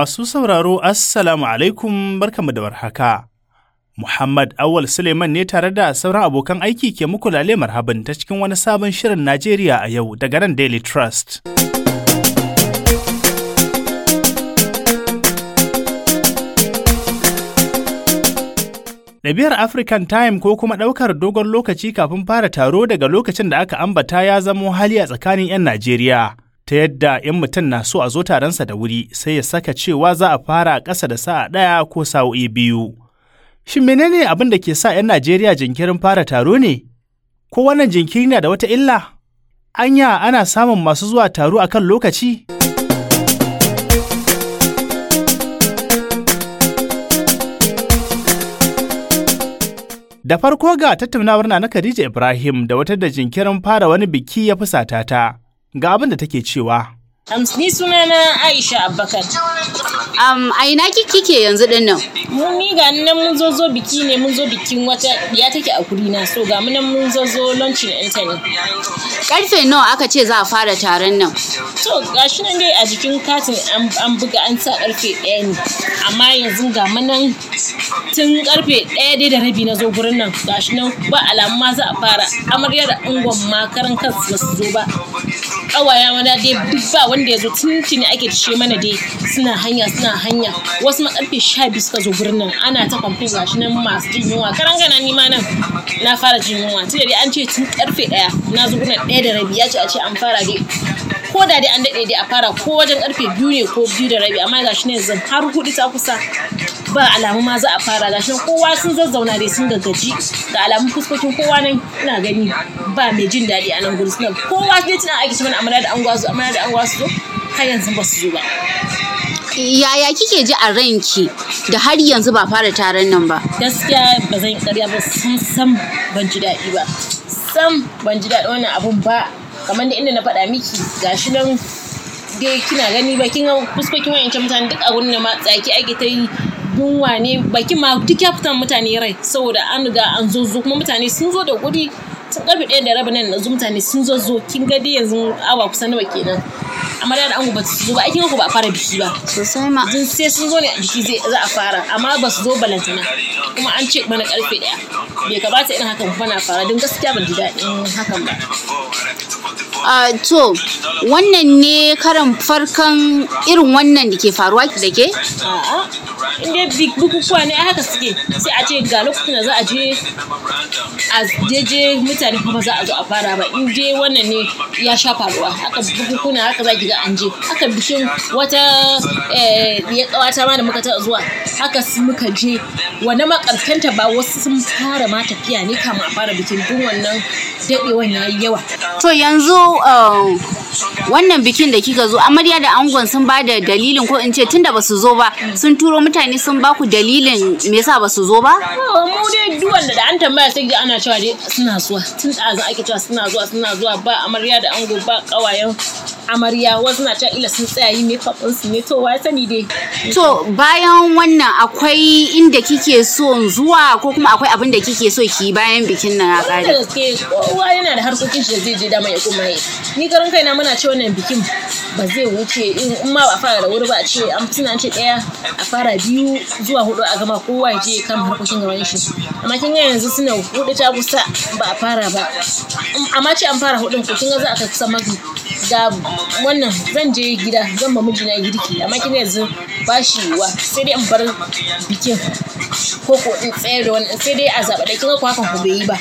Masu sauraro Assalamu alaikum barkamu da warhaka. Muhammad Awal Suleiman ne tare da sauran abokan aiki ke muku lale marhaban ta cikin wani sabon shirin Najeriya a yau daga nan Daily Trust. Ɗabi'ar African Time ko kuma ɗaukar dogon lokaci kafin fara taro daga lokacin da aka ambata ya zamo hali a tsakanin 'yan Najeriya. ta yadda in mutum na so a zo taronsa da wuri sai ya saka cewa za a fara ƙasa da sa'a ɗaya ko sa'o'i biyu. Shin menene abin da ke sa 'yan Najeriya jinkirin fara taro ne? Ko wannan jinkiri na da wata illa? Anya ana samun masu zuwa taro a kan lokaci? Da farko ga tattaunawar na Khadija Ibrahim da wata da jinkirin fara wani biki ya fusata ta. ga abin da take cewa. Ni sunana Aisha Abubakar. Um, a ina kike yanzu din nan? Mun ni ga nan mun zo zo biki ne mun zo bikin wata ya take a kuri na so ga mun nan mun zo zo launching ɗinta ne. Karfe nawa aka ce za a fara taron nan? To gashi nan dai a jikin katin an buga an sa karfe ɗaya ne amma yanzu ga mun nan tun karfe ɗaya dai da rabi na zo gurin nan gashi nan ba alamu ma za a fara amarya da ungon ma kansu ba su zo ba. Ƙawaya wani dai duk ba wanda tun tuntuni ake tishe mana dai suna hanya suna hanya wasu ma sha biyu suka zo birnin ana ta kwamfin shi nan masu jin yunwa karangana ni ma nan na fara jin yunwa da dai an ce tun karfe daya na zo birnin daya da rabi ya ce a ce an fara dai ko da dai an daɗe dai a fara ko wajen karfe biyu ne ko biyu da rabi amma gashi ne yanzu har hudu ta kusa ba alamu ma za a fara gashi nan kowa sun zazzauna dai sun gaggaji ga alamun fuskokin kowa nan ina gani ba mai jin daɗi a nan gudu suna kowa ke tana aiki mana amana da an gwazo amma da an gwazo har yanzu ba su zo ba yaya kike ji a ranki da har yanzu ba fara taron nan ba gaskiya ba zan karya ba sun san ban ji daɗi ba sam ban ji daɗi wannan abun ba kamar da inda na faɗa miki gashi nan dai kina gani ba kin ga fuskokin wayancan mutane duk a wurin ma tsaki ake ta yi yunwa ne bakin ma duk ya mutane rai saboda an ga an zo zo kuma mutane sun zo da guri sun karfe ɗaya da rabin nan na mutane sun zo zo kin ga yanzu awa kusa nawa kenan amarya da ango ba su zo ba aikin ku ba a fara biki ba sosai ma sai sun zo ne a biki za a fara amma ba su zo balantana kuma an ce mana karfe daya bai kamata irin hakan ba fara don gaskiya ban ji daɗin hakan ba a to wannan ne karan farkan irin wannan da ke faruwa da ke a'a in dai big bukukuwa ne haka suke sai a ce ga lokacin da za a je a jeje mutane kuma za a zo a fara ba in dai wannan ne ya sha faruwa haka bukukuna haka za ki ga an je haka bikin wata eh, ya kawata ma da muka ta zuwa haka muka je wani makarkanta ba wasu sun fara ma tafiya ne kama a fara bikin duk wannan daɗewan ya yi yawa to yanzu um, wannan bikin da kika zo amarya da angon sun ba da dalilin ko in ce tunda su zo ba sun turo mutane sun ba ku dalilin me yasa su zo ba mu dai duk wanda da an tambaya sai ga ana cewa dai suna zuwa tun da ake cewa suna zuwa suna zuwa ba amarya da ango ba kawayen amarya wasu na ila sun tsaya yi makeup din su ne to wa sani dai to bayan wannan akwai inda kike so zuwa ko kuma akwai abin da kike so ki bayan bikin nan a kare gaske kowa yana da harkokin shi da zai je da mai kuma yi ni garin na muna ce wannan bikin ba zai wuce in ma ba fara da wuri ba a ce an suna ce daya a fara biyu zuwa hudu a gama kowa ya je kan harkokin gaban shi amma kin ga yanzu suna hudu ta kusa ba a fara ba amma ce an fara hudun ko kin ga za a kusa mafi da wannan zan je gida zan ba mijina girki amma kin yanzu ba shi yiwuwa sai dai in bar bikin ko ko in tsayar da wannan sai dai a zaɓa da kin kwakan ku bai yi ba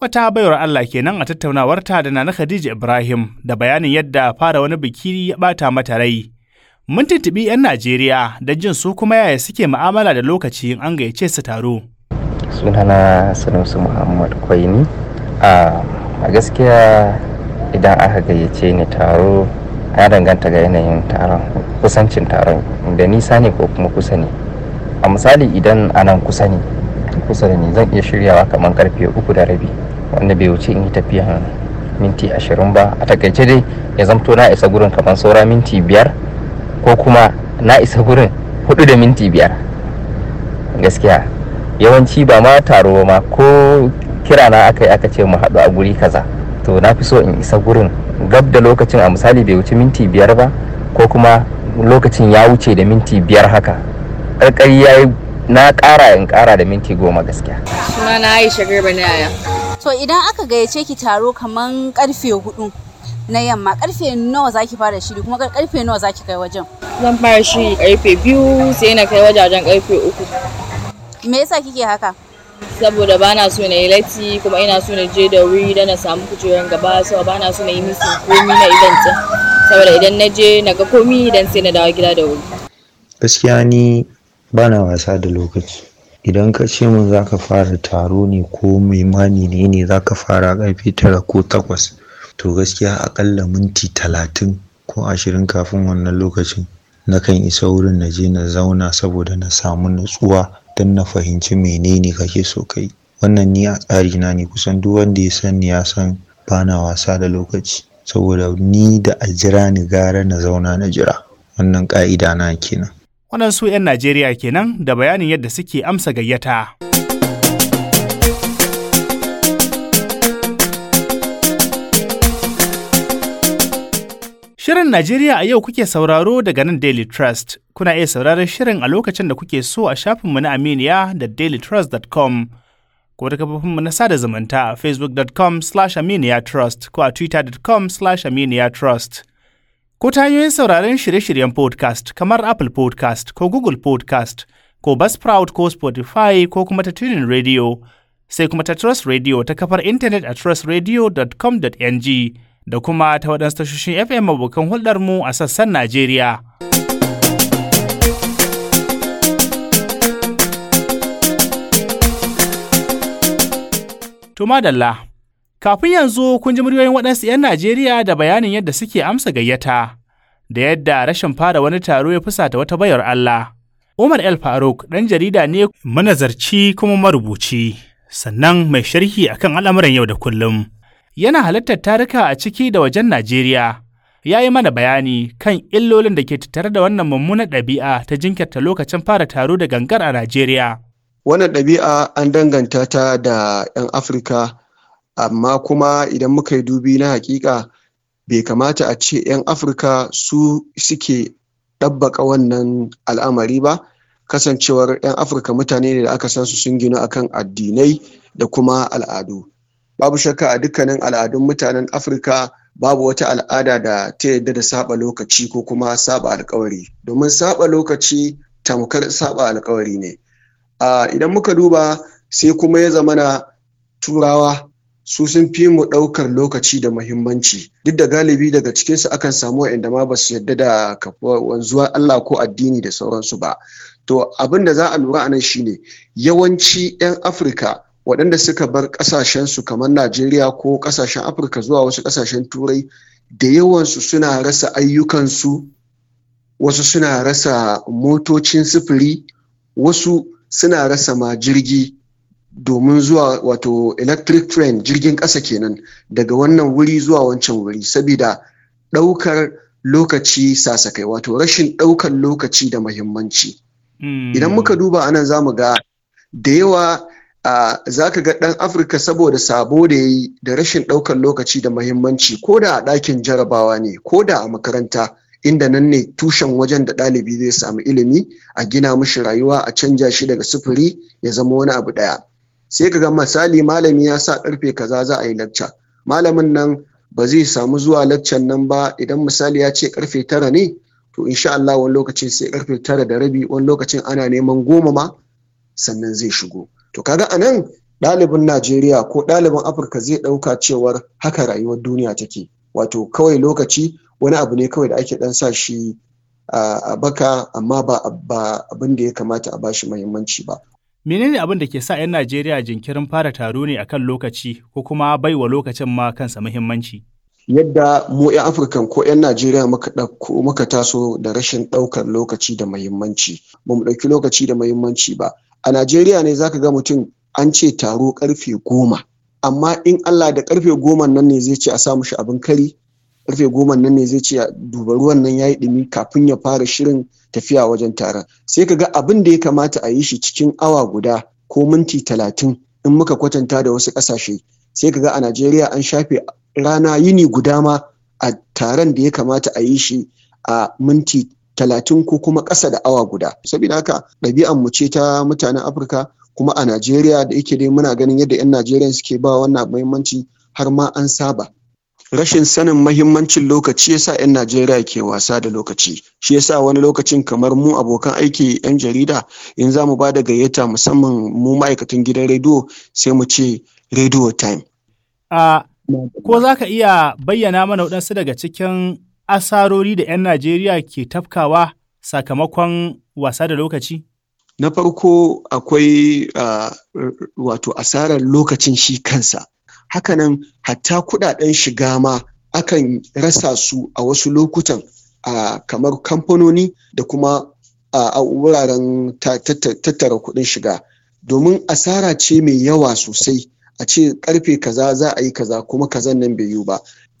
wata baiwar Allah kenan a tattaunawar ta da Nana Khadija Ibrahim da bayanin yadda fara wani biki ya bata mata rai. Mun tuntuɓi 'yan Najeriya da jin su kuma yaya suke mu'amala da lokaci an gayyace su taro. Sunana Sanusi Muhammad Kwaini. Ah, a gaskiya idan aka gayyace ni taro ya danganta ga yanayin taron kusancin taron da nisa ne ko kuma kusa ne a misali idan anan kusa ne kusa da ni zan iya shiryawa kamar karfe uku da rabi wanda bai wuce in yi tafiyan minti ashirin ba a takaice dai ya zamto na isa gurin kamar saura minti biyar ko kuma na isa gurin hudu da minti biyar gaskiya yawanci ba ma taro ma ko kirana na aka yi aka ce mu haɗu a guri kaza to na fi so in isa gurin gab da lokacin a misali bai wuce minti biyar ba ko kuma lokacin ya wuce da minti biyar haka ƙarƙari ya yi na ƙara in ƙara da minti goma gaskiya suna na aisha ba na yaya to idan aka gayyace ki taro kaman karfe hudu na yamma karfe nawa zaki fara shiri kuma karfe nawa zaki kai wajen zan fara shiri karfe biyu sai na kai wajajen karfe uku me yasa kike haka saboda ba na so na yi latti kuma ina so na je da wuri da na samu kujerar gaba so ba na so na yi musu komi na idan ta saboda idan na je na ga komi idan sai na dawo gida da wuri gaskiya ni ba na wasa da lokaci idan ka ce mun za ka fara taro ne ko mani ne ne za ka fara karfe tara ko takwas to gaskiya akalla minti talatin ko ashirin kafin wannan lokacin na kan isa wurin na je na zauna saboda na samu natsuwa don na fahimci menene kake so kai? Wannan ni a na ne kusan duk wanda ya san ya san bana wasa da lokaci saboda ni da a jira ni gara na zauna na jira. Wannan ka'ida na kenan. Waɗansu 'yan Najeriya kenan da bayanin yadda suke amsa gayyata. Shirin Najeriya a yau kuke sauraro daga nan Daily Trust Kuna iya sauraron shirin a lokacin da kuke so a shafinmu na Aminiya da dailytrust.com ko ta kafofinmu na sada zumunta a facebook.com slash aminiyatrust ko a twitter.com slash aminiyatrust. Ko ta hanyoyin sauraron shirye-shiryen podcast kamar Apple podcast ko Google podcast ko Buzzsprout ko Spotify ko kuma ta tunin radio sai kuma ta Trust Radio ta kafar intanet a trustradio.com.ng da kuma ta waɗansu tashoshin FM abokan hulɗarmu a sassan Najeriya. To madalla, kafin yanzu kun ji muryoyin waɗansu 'yan Najeriya da bayanin yadda suke amsa gayyata, da yadda rashin fara wani taro ya fusata wata bayar Allah. Umar El Faruk ɗan jarida ne manazarci kuma marubuci, sannan mai sharhi akan al'amuran yau da kullum. Yana halartar taruka a ciki da wajen Najeriya. Ya yi mana bayani kan illolin da ke tattare da wannan mummunar ɗabi'a ta jinkirta lokacin fara taro da gangar a Najeriya. wannan ɗabi'a an danganta ta da 'yan afirka amma kuma idan muka yi dubi na hakika bai kamata a ce 'yan afirka su suke ɗabbaka wannan al'amari ba kasancewar 'yan afirka mutane ne da aka san su sun ginu akan addinai da kuma al'adu babu shakka a dukkanin al'adun mutanen afirka babu wata al'ada da ta yadda da saba lokaci ko kuma saba alkawari domin saba lokaci tamkar saba alkawari ne idan muka duba sai kuma ya zamana turawa su sun fi mu ɗaukar lokaci da muhimmanci duk da galibi daga cikinsu akan samu inda ma ba su yadda da kafuwa wanzuwa Allah ko addini da sauransu ba to abin da za a lura anan nan shine yawanci 'yan afirka waɗanda suka bar ƙasashensu kamar najeriya ko ƙasashen afirka zuwa wasu ƙasashen turai da yawansu suna rasa ayyukansu wasu suna rasa motocin sufuri wasu suna rasa ma jirgi domin zuwa wato electric train jirgin ƙasa kenan daga wannan wuri zuwa wancan wuri saboda ɗaukar lokaci sasakai wato rashin ɗaukar lokaci da mahimmanci hmm. idan muka duba anan zamu ga da yawa za ka ga ɗan afirka saboda sabo da ya yi da rashin ɗaukar lokaci da mahimmanci ko da a ɗakin jarabawa ne ko da a makaranta inda nan ne tushen wajen da ɗalibi zai samu ilimi a gina mushi rayuwa a canja shi daga sufuri ya zama wani abu ɗaya sai ka ga misali malami ya sa karfe kaza za a yi lacca malamin nan ba zai samu zuwa laccan nan ba idan misali ya ce karfe tara ne to insha Allah wani lokacin sai karfe tara da rabi wani lokacin ana neman goma ma sannan zai shigo to kaga anan ɗalibin Najeriya ko ɗalibin Afirka zai ɗauka cewar haka rayuwar duniya take wato kawai lokaci wani abu ne kawai da ake dan sa shi a baka amma ba abin da ya kamata a bashi muhimmanci ba. Menene abin da ke sa 'yan Najeriya jinkirin fara taro ne akan lokaci ko kuma baiwa lokacin ma kansa muhimmanci? Yadda mu 'yan Afirka ko 'yan Najeriya muka taso da rashin ɗaukar lokaci da muhimmanci, ba mu ɗauki lokaci da muhimmanci ba. A Najeriya ne zaka ga mutum an ce taro karfe goma, amma in Allah da karfe goma nan ne zai ce a samu shi abin kari, karfe goma nan ne zai ce duba ruwan nan ya yi ɗumi kafin ya fara shirin tafiya wajen taron sai ka ga abin da ya kamata a yi shi cikin awa guda ko minti talatin in muka kwatanta da wasu kasashe. sai ka ga a najeriya an shafe rana yini guda ma a taron da ya kamata a yi shi a minti talatin ko kuma ƙasa da awa guda saboda haka ɗabi'an mu ce ta mutanen afirka kuma a najeriya da yake dai muna ganin yadda 'yan najeriya suke ba wannan muhimmanci har ma an saba rashin sanin mahimmancin lokaci yasa 'yan Najeriya ke wasa da lokaci shi yasa wani lokacin kamar mu abokan aiki 'yan jarida in za mu ba da gayyata musamman mu ma'aikatan gidan rediyo sai mu ce "Rediyo time. A ko za ka iya bayyana mana waɗansu daga cikin asarori da 'yan Najeriya ke tafkawa sakamakon wasa da lokaci? Na farko akwai wato asarar lokacin shi kansa. hakanan hatta kudaden shiga ma akan rasa su a wasu lokutan a kamar kamfanoni da kuma a wuraren tattara kudin shiga domin asara ce mai yawa sosai a ce karfe kaza za a yi kaza kuma kazan nan bai yiwu ba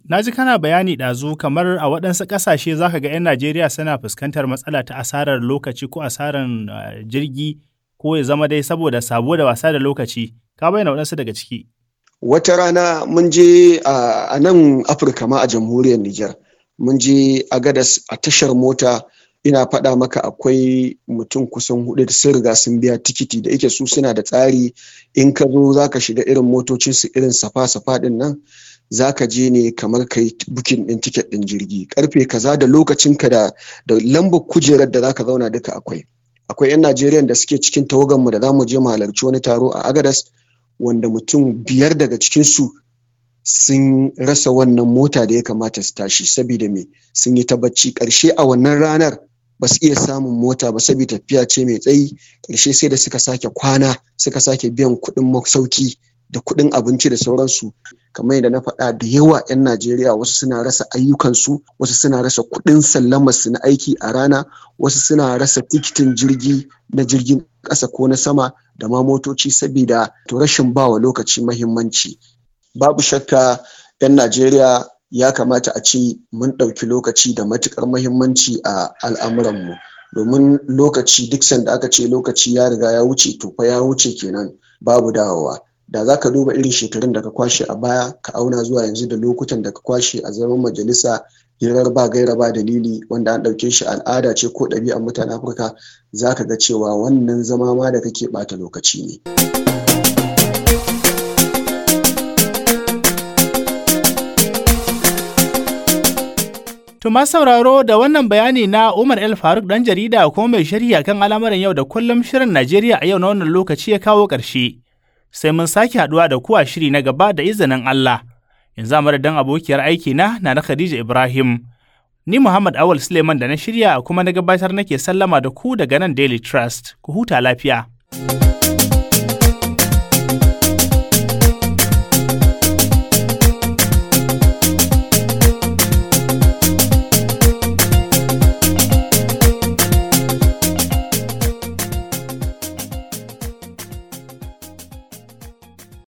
Na ji kana bayani ɗazu kamar a waɗansu ƙasashe za ka ga 'yan Najeriya suna fuskantar matsala ta asarar lokaci ko asarar eh, jirgi ko ya zama dai saboda sabo da wasa da lokaci. Ka bayyana waɗansu daga ciki. wata rana mun je a nan afirka ma a jamhuriyar niger mun je a gadas a tashar mota ina faɗa maka akwai mutum kusan hudu da sun riga sun biya tikiti da ike su suna da tsari in ka zo za ka shiga irin motocin su irin safa-safa din nan za ka je ne kamar kai bukin ɗin tiket ɗin jirgi karfe kaza da lokacin da da lambar kujerar da za ka zauna duka akwai akwai 'yan najeriya da suke cikin tawaganmu da za mu je mu halarci wani taro a agadas wanda mutum biyar daga cikinsu sun rasa wannan mota da ya kamata su tashi saboda me sun yi ta bacci karshe a wannan ranar ba su iya samun mota ba saboda tafiya ce mai tsayi Karshe sai da suka sake kwana suka sake biyan kuɗin masauki da kuɗin abinci da sauransu kamar yadda na faɗa da yawa 'yan najeriya wasu suna rasa ayyukansu wasu suna rasa kuɗin sallamarsu na aiki a rana wasu suna rasa tikitin jirgi na jirgin ƙasa ko na sama da ma motoci saboda to rashin bawa lokaci mahimmanci babu shakka 'yan najeriya ya kamata a ce mun ɗauki lokaci da matuƙar mahimmanci a al'amuran mu domin lokaci duk sanda aka ce lokaci ya riga ya wuce to fa ya wuce kenan babu dawowa da za ka duba irin shekarun da ka kwashe a baya ka auna zuwa yanzu da lokutan da ka kwashe a zaman majalisa hirar ba gaira ba dalili wanda an ɗauke shi al'ada ce ko ɗabi'ar mutanen afirka za ka ga cewa wannan zama ma da kake ɓata lokaci ne Tuma sauraro da wannan bayani na Umar El Faruk dan jarida kuma mai sharhi kan al'amuran yau da kullum shirin Najeriya a yau na wannan lokaci ya kawo ƙarshe. sai mun sake haɗuwa da ku a shiri na gaba da izinin Allah. Yanzu a madadin abokiyar aiki na na Khadija Ibrahim. Ni Muhammad Awal Suleiman da na shirya kuma na gabatar nake sallama da ku daga nan Daily Trust. Ku huta lafiya.